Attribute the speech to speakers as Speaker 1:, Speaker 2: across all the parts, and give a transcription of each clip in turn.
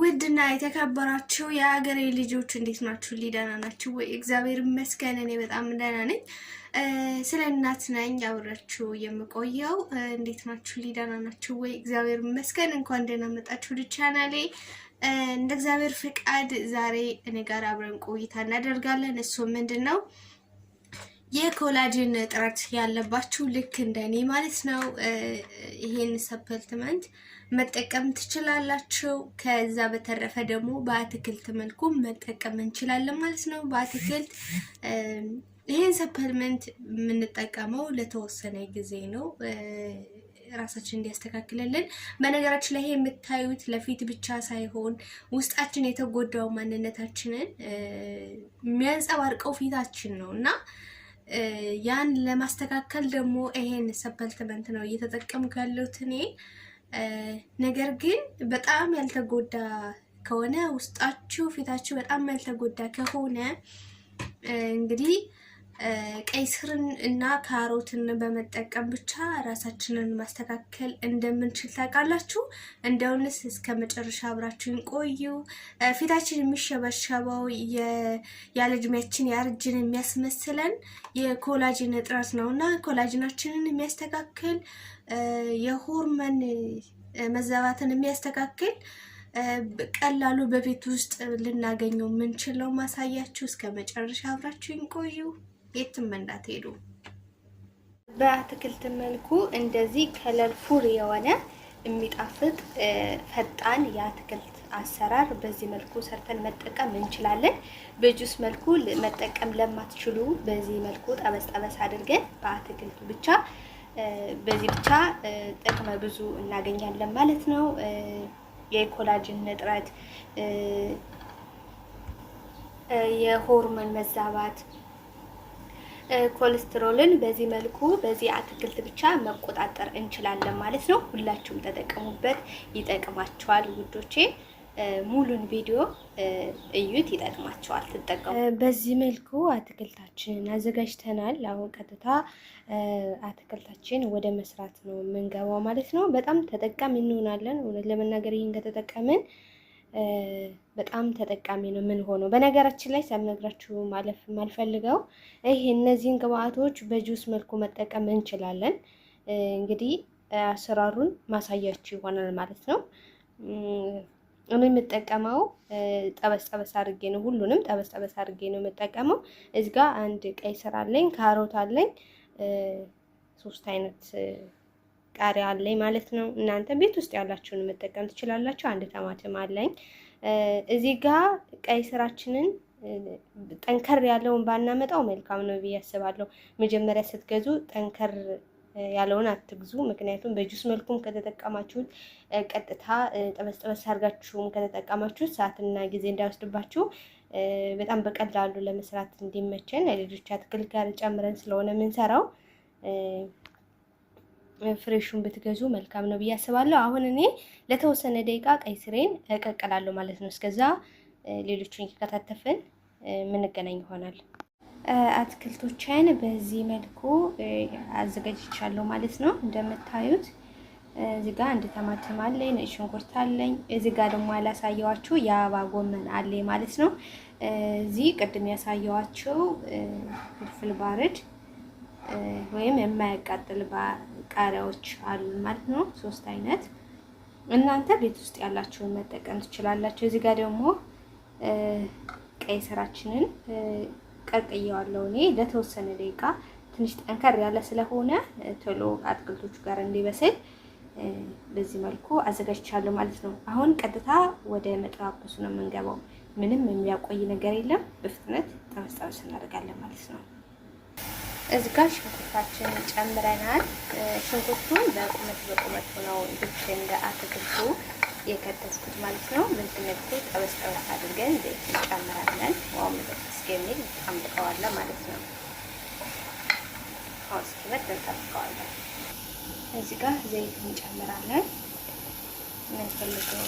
Speaker 1: ውድና የተከበራችሁ የሀገሬ ልጆች እንዴት ናችሁ? ሊደና ናችሁ ወይ? እግዚአብሔር ይመስገን እኔ በጣም ደህና ነኝ። ስለ እናት ነኝ አብራችሁ የምቆየው። እንዴት ናችሁ? ሊደና ናችሁ ወይ? እግዚአብሔር ይመስገን። እንኳን ደህና መጣችሁ ቻናሌ። እንደ እግዚአብሔር ፍቃድ ዛሬ እኔ ጋር አብረን ቆይታ እናደርጋለን። እሱ ምንድን ነው የኮላጅን እጥረት ያለባችሁ ልክ እንደኔ ማለት ነው ይሄን ሰፕልትመንት መጠቀም ትችላላችሁ። ከዛ በተረፈ ደግሞ በአትክልት መልኩ መጠቀም እንችላለን ማለት ነው። በአትክልት ይሄን ሰፕልመንት የምንጠቀመው ለተወሰነ ጊዜ ነው ራሳችን እንዲያስተካክልልን። በነገራችን ላይ የምታዩት ለፊት ብቻ ሳይሆን ውስጣችን የተጎዳው ማንነታችንን የሚያንጸባርቀው ፊታችን ነው እና ያን ለማስተካከል ደግሞ ይሄን ሰበልትመንት ነው እየተጠቀምኩ ያለሁት እኔ። ነገር ግን በጣም ያልተጎዳ ከሆነ ውስጣችሁ፣ ፊታችሁ በጣም ያልተጎዳ ከሆነ እንግዲህ ቀይ ስርን እና ካሮትን በመጠቀም ብቻ ራሳችንን ማስተካከል እንደምንችል ታውቃላችሁ። እንደውንስ እስከ መጨረሻ አብራችሁን ቆዩ። ፊታችን የሚሸበሸበው ያለ እድሜያችን ያረጅን የሚያስመስለን የኮላጅን እጥረት ነው እና ኮላጅናችንን የሚያስተካክል የሆርመን መዛባትን የሚያስተካክል ቀላሉ በቤት ውስጥ ልናገኘው የምንችለው ማሳያችሁ። እስከ መጨረሻ አብራችሁን ቆዩ። የትም እንዳትሄዱ። በአትክልት መልኩ እንደዚህ ከለር ፉር የሆነ የሚጣፍጥ ፈጣን የአትክልት አሰራር በዚህ መልኩ ሰርተን መጠቀም እንችላለን። በጁስ መልኩ መጠቀም ለማትችሉ በዚህ መልኩ ጠበስ ጠበስ አድርገን በአትክልቱ ብቻ በዚህ ብቻ ጥቅመ ብዙ እናገኛለን ማለት ነው። የኮላጅን ንጥረት፣ የሆርሞን መዛባት ኮሌስትሮልን በዚህ መልኩ በዚህ አትክልት ብቻ መቆጣጠር እንችላለን ማለት ነው። ሁላችሁም ተጠቀሙበት፣ ይጠቅማቸዋል ውዶቼ። ሙሉን ቪዲዮ እዩት፣ ይጠቅማቸዋል፣ ትጠቀሙ። በዚህ መልኩ አትክልታችንን አዘጋጅተናል። አሁን ቀጥታ አትክልታችን ወደ መስራት ነው የምንገባው ማለት ነው። በጣም ተጠቃሚ እንሆናለን እውነት ለመናገር ይህን ከተጠቀምን በጣም ተጠቃሚ ነው። ምን ሆኖ በነገራችን ላይ ሳልነግራችሁ ማለፍ የማልፈልገው ይህ እነዚህን ግብአቶች በጁስ መልኩ መጠቀም እንችላለን። እንግዲህ አሰራሩን ማሳያችሁ ይሆናል ማለት ነው። እኔ የምጠቀመው ጠበስ ጠበስ አድርጌ ነው። ሁሉንም ጠበስ ጠበስ አድርጌ ነው የምጠቀመው። እዚህ አንድ ቀይ ስር አለኝ፣ ካሮት አለኝ፣ ሶስት አይነት ቃሪያ አለኝ ማለት ነው። እናንተ ቤት ውስጥ ያላችሁን መጠቀም ትችላላችሁ። አንድ ቲማቲም አለኝ እዚህ ጋር ቀይ ስራችንን ጠንከር ያለውን ባናመጣው መልካም ነው ብዬ አስባለሁ። መጀመሪያ ስትገዙ ጠንከር ያለውን አትግዙ። ምክንያቱም በጁስ መልኩም ከተጠቀማችሁት ቀጥታ ጠበስ ጠበስ አድርጋችሁም ከተጠቀማችሁት ሰዓትና ጊዜ እንዳይወስድባችሁ በጣም በቀላሉ ለመስራት እንዲመቸን የልጆች አትክልት ጋር ጨምረን ስለሆነ የምንሰራው ፍሬሹን ብትገዙ መልካም ነው ብዬ አስባለሁ። አሁን እኔ ለተወሰነ ደቂቃ ቀይ ስሬን እቀቅላለሁ ማለት ነው። እስከዛ ሌሎቹን እየከታተፍን የምንገናኝ ይሆናል። አትክልቶችን በዚህ መልኩ አዘጋጅቻለሁ ማለት ነው። እንደምታዩት እዚህ ጋር አንድ ተማትም አለኝ፣ ነጭ ሽንኩርት አለኝ። እዚህ ጋር ደግሞ ያላሳየዋችሁ የአበባ ጎመን አለ ማለት ነው። እዚህ ቅድም ያሳየዋችሁ ፍልፍል ባርድ ወይም የማያቃጥል ቃሪያዎች አሉ ማለት ነው። ሶስት አይነት እናንተ ቤት ውስጥ ያላችሁን መጠቀም ትችላላችሁ። እዚህ ጋር ደግሞ ቀይ ስራችንን ቀቅየዋለሁ እኔ ለተወሰነ ደቂቃ ትንሽ ጠንከር ያለ ስለሆነ ቶሎ አትክልቶቹ ጋር እንዲበስል በዚህ መልኩ አዘጋጅቻለሁ ማለት ነው። አሁን ቀጥታ ወደ መጠባበሱ ነው የምንገባው። ምንም የሚያቆይ ነገር የለም። በፍጥነት ጠበስ እናደርጋለን ማለት ነው። እዚህ ጋር ሽንኩርታችን ጨምረናል። ሽንኩርቱን በቁመት በቁመት ሆነው ልክ እንደ አትክልቱ የከተስኩት ማለት ነው። በዚህ መልኩ ጠበስ ጠበስ አድርገን ዘይት እንጨምራለን። ዋው መጠጥ እስኪሚል እንጠብቀዋለን ማለት ነው። አሁን እስኪመጥ እንጠብቀዋለን። እዚህ ጋር ዘይት እንጨምራለን። የምንፈልገው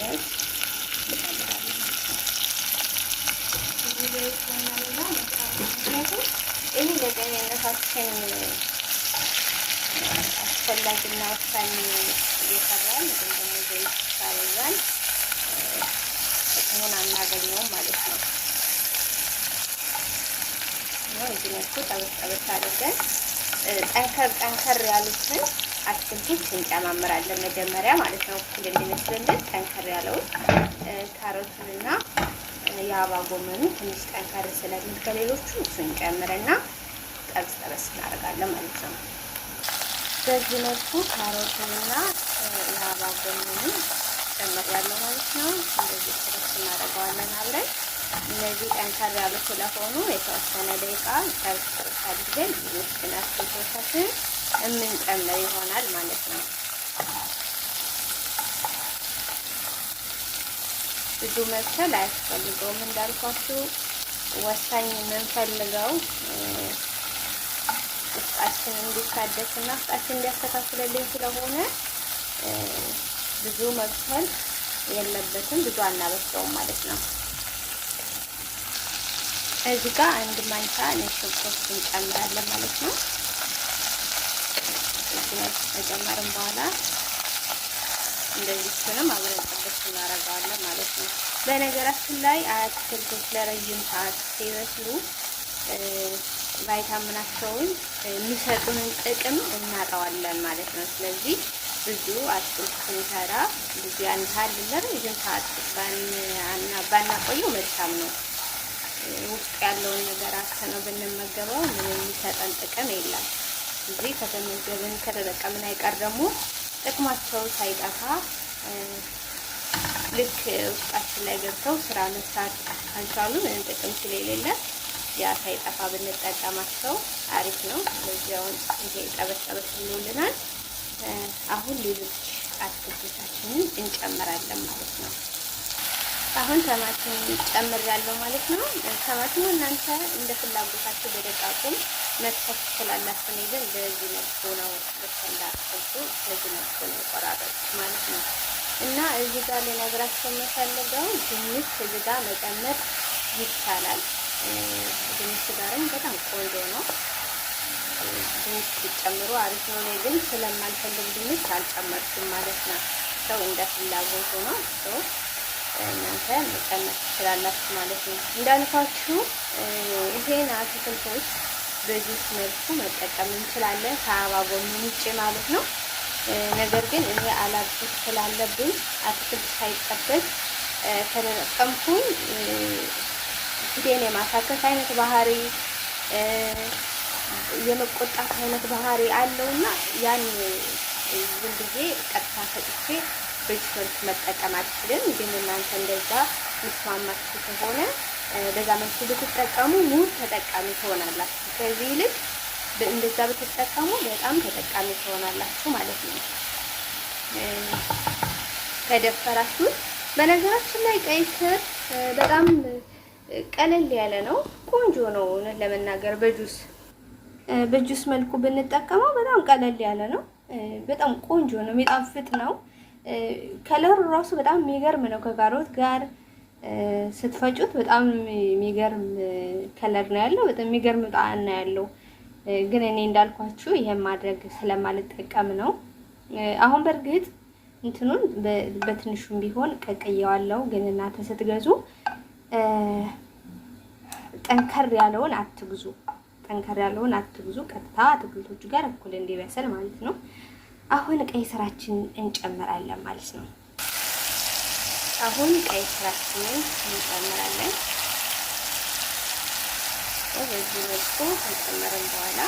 Speaker 1: ዘይት እንጨምራለን ማለት ነው። ይህ ለጤንነታችን አስፈላጊና ወሳኝ እየሰራን ግን ደግሞ ዘይት ሳበዛን ጥቅሙን አናገኘውም ማለት ነው። እዚህ መልኩ ጠበስ ጠበስ አድርገን ጠንከር ጠንከር ያሉትን አትክልቶች እንጨማምራለን መጀመሪያ ማለት ነው። እኩል ጠንከር ያለውን ካሮቱንና የአበባ ጎመኑ ትንሽ ጠንከር ስለሚል ከሌሎቹ እሱን ጨምርና ጠብስ ጠበስ እናደርጋለን ማለት ነው። በዚህ መልኩ ካሮቱንና የአበባ ጎመኑ ጨምር ያለው ማለት ነው። እንደዚህ ጥብስ እናደርገዋለን አብረን። እነዚህ ጠንከር ያሉ ስለሆኑ የተወሰነ ደቂቃ ጠብስ ጠበስ አድርገን ውስጥ ናስቶቶቻችን የምንጨምር ይሆናል ማለት ነው። ብዙ መብሰል አያስፈልገውም። እንዳልኳችሁ ወሳኝ የምንፈልገው ውስጣችን እንዲታደስና ውስጣችን እንዲያስተካክልልኝ ስለሆነ ብዙ መብሰል የለበትም። ብዙ አናበስለውም ማለት ነው። እዚህ ጋር አንድ ማንኪያ ነጭ ሽንኩርት እንጨምራለን ማለት ነው። እዚህ በኋላ እንደዚህ አብረን ጥብስ እናደርገዋለን ማለት ነው። በነገራችን ላይ አትክልቶች ለረዥም ሰዓት ሲበስሉ ቫይታሚናቸውን የሚሰጡንን ጥቅም እናጠዋለን ማለት ነው። ስለዚህ ብዙ አትክልት ስንሰራ ብዙ ያን ታህል ለረዥም ሰዓት ባናቆየው መልካም ነው። ውስጥ ያለውን ነገር አክሰነው ብንመገበው ምንም የሚሰጠን ጥቅም የለም። እዚህ ከተመገብን ከተጠቀምን አይቀር ደግሞ ጥቅማቸው ሳይጠፋ ልክ ውስጣችን ላይ ገብተው ስራ መስራት ምንም ጥቅም ስለሌለ ያ ሳይጠፋ ብንጠቀማቸው አሪፍ ነው። ለዚያውን ይሄ ጠበጠበት ብሎልናል። አሁን ሌሎች አትክልቶቻችንን እንጨምራለን ማለት ነው። አሁን ተማቲም ጨምር ያለው ማለት ነው። ተማቲሙ እናንተ እንደ ፍላጎታችሁ በደቃቁም መክተፍ ትችላላችሁ። እኔ ግን በዚህ መልኩ ነው ልትላችሁ፣ በዚህ መልኩ ነው የቆራረጥኩት ማለት ነው። እና እዚህ ጋር ልነግራችሁ የምፈልገው ድንች እዚህ ጋር መጨመር ይቻላል። ድንች ጋርም በጣም ቆንጆ ነው። ድንች ሲጨምሩ አሪፍ ነው። እኔ ግን ስለማልፈልግ ድንች አልጨመርኩም ማለት ነው። ሰው እንደ ፍላጎቱ ነው። ሰው እናንተ መጨመር ትችላላችሁ ማለት ነው። እንዳልኳችሁ ይሄን አትክልቶች በዚህ መልኩ መጠቀም እንችላለን፣ ከአበባ ጎመን ውጭ ማለት ነው። ነገር ግን እኔ አላብት ስላለብኝ አትክልት ሳይጠበስ ተጠቀምኩኝ። ፊቴን የማሳከስ አይነት ባህሪ የመቆጣት አይነት ባህሪ አለው አለውና ያን ዝም ብዬ ቀጥታ ሰጥቼ በዚህ መልክ መጠቀም አልችልም። ግን እናንተ እንደዛ ምስማማችሁ ከሆነ በዛ መልኩ ብትጠቀሙ ውብ ተጠቃሚ ትሆናላችሁ። ከዚህ ይልቅ እንደዛ ብትጠቀሙ በጣም ተጠቃሚ ትሆናላችሁ ማለት ነው። ከደፈራችሁ በነገራችን ላይ ቀይ ስር በጣም ቀለል ያለ ነው፣ ቆንጆ ነው። እውነት ለመናገር በጁስ በጁስ መልኩ ብንጠቀመው በጣም ቀለል ያለ ነው። በጣም ቆንጆ ነው፣ የሚጣፍጥ ነው። ከለሩ ራሱ በጣም የሚገርም ነው ከካሮት ጋር ስትፈጩት በጣም የሚገርም ከለር ነው ያለው። በጣም የሚገርም ጣዕም ነው ያለው። ግን እኔ እንዳልኳችሁ ይሄን ማድረግ ስለማልጠቀም ነው። አሁን በእርግጥ እንትኑን በትንሹም ቢሆን ቀቅየዋለሁ። ግን እናንተ ስትገዙ ጠንከር ያለውን አትግዙ። ጠንከር ያለውን አትግዙ። ቀጥታ አትክልቶቹ ጋር እኩል እንዲበሰል ማለት ነው። አሁን ቀይ ስራችን እንጨምራለን ማለት ነው። አሁን ቀይ ስራችንን እንጨምራለን። በዚህ መልኩ ከጨመርን በኋላ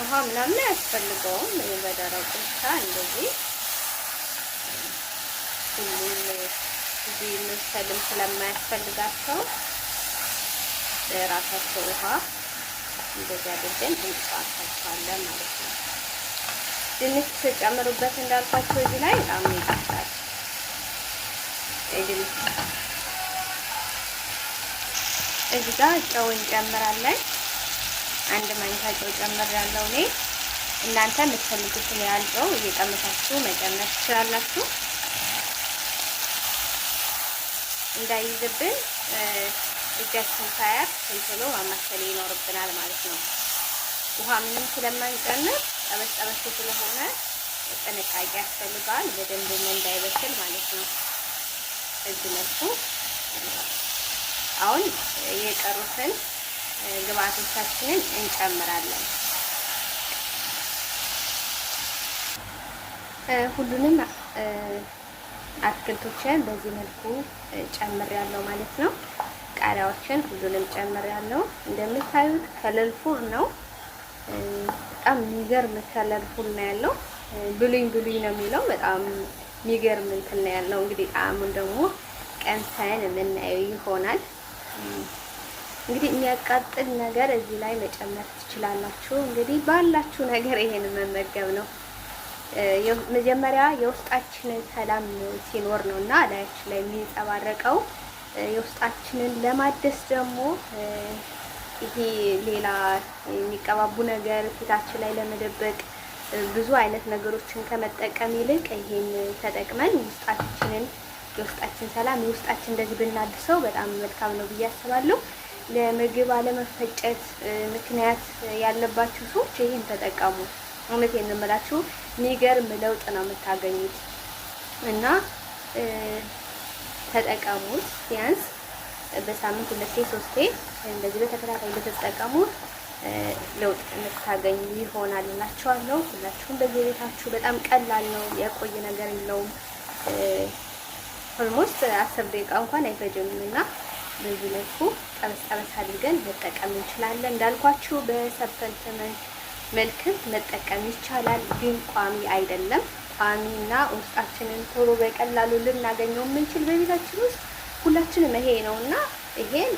Speaker 1: ውሃ ምናምን አያስፈልገውም። በደረቁ ብቻ እንደዚህ ሁሉም ብዙ መብሰልም ስለማያስፈልጋቸው ለራሳቸው ውሃ እንደዚህ አድርገን እንጥፋታቸዋለን ማለት ነው። ድንች ስጨምሩበት እንዳልኳቸው እዚህ ላይ በጣም ይጣፍጣል ድንች። እዚህ ጋር ጨው እንጨምራለን። አንድ ማንኪያ ጨው ጨምሬያለሁ እኔ። እናንተ የምትፈልጉትን ያህል ጨው እየቀመሳችሁ መጨመር ትችላላችሁ። እንዳይዝብን እጃችን ሳያት ቶሎ ማማሰል ይኖርብናል ማለት ነው። ውሃ ምንም ስለማንጨምር ጠበስ ጠበስ ስለሆነ ጥንቃቄ ያስፈልገዋል። በደንብ እንዳይበስል ማለት ነው። በዚህ መልኩ አሁን የቀሩትን ግብአቶቻችንን እንጨምራለን። ሁሉንም አትክልቶችን በዚህ መልኩ ጨምር ያለው ማለት ነው። ቃሪያዎችን ሁሉንም ጨምር ያለው እንደምታዩት ከለልፉል ነው። በጣም የሚገርም ከለልፉል ነው ያለው። ብሉኝ ብሉኝ ነው የሚለው። በጣም የሚገርም እንትን ነው ያለው። እንግዲህ ጣዕሙን ደግሞ ቀምሰን የምናየው ይሆናል። እንግዲህ የሚያቃጥል ነገር እዚህ ላይ መጨመር ትችላላችሁ። እንግዲህ ባላችሁ ነገር ይሄን መመገብ ነው። መጀመሪያ የውስጣችንን ሰላም ሲኖር ነው እና ላያችን ላይ የሚንጸባረቀው። የውስጣችንን ለማደስ ደግሞ ይሄ ሌላ የሚቀባቡ ነገር ፊታችን ላይ ለመደበቅ ብዙ አይነት ነገሮችን ከመጠቀም ይልቅ ይሄን ተጠቅመን ውስጣችንን የውስጣችን ሰላም የውስጣችን እንደዚህ ብናድሰው በጣም መልካም ነው ብዬ አስባለሁ። ለምግብ አለመፈጨት ምክንያት ያለባቸው ሰዎች ይህን ተጠቀሙ። እውነቴን ነው የምላችሁ የሚገርም ለውጥ ነው የምታገኙት እና ተጠቀሙት። ቢያንስ በሳምንት ሁለቴ ሶስቴ እንደዚህ በተከታታይ በተጠቀሙ ለውጥ የምታገኙ ይሆናል እላችኋለሁ። ሁላችሁም በየቤታችሁ በጣም ቀላል ነው፣ የቆየ ነገር የለውም። ኦልሞስት አስር ደቂቃ እንኳን አይፈጅም እና በዚህ መልኩ ጠበስ ጠበስ አድርገን መጠቀም እንችላለን። እንዳልኳችሁ በሰፕልትመንት መልክም መጠቀም ይቻላል፣ ግን ቋሚ አይደለም። ቋሚና ውስጣችንን ቶሎ በቀላሉ ልናገኘው የምንችል በቤታችን ውስጥ ሁላችንም ይሄ ነው እና ይሄን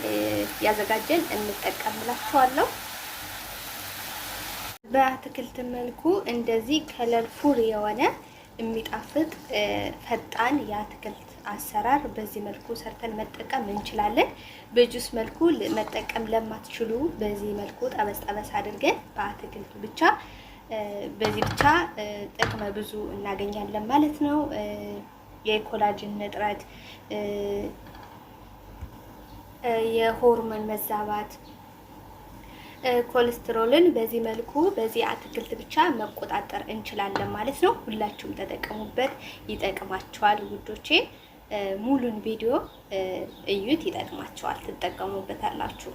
Speaker 1: ያዘጋጀን እንጠቀምላቸዋለሁ። በአትክልት መልኩ እንደዚህ ፉር የሆነ የሚጣፍጥ ፈጣን የአትክልት አሰራር በዚህ መልኩ ሰርተን መጠቀም እንችላለን። በጁስ መልኩ መጠቀም ለማትችሉ በዚህ መልኩ ጠበስ ጠበስ አድርገን በአትክልቱ ብቻ በዚህ ብቻ ጥቅመ ብዙ እናገኛለን ማለት ነው። የኮላጅን እጥረት፣ የሆርሞን መዛባት ኮሌስትሮልን በዚህ መልኩ በዚህ አትክልት ብቻ መቆጣጠር እንችላለን ማለት ነው። ሁላችሁም ተጠቀሙበት፣ ይጠቅማችኋል ውዶቼ። ሙሉን ቪዲዮ እዩት፣ ይጠቅማችኋል፣ ትጠቀሙበታላችሁ።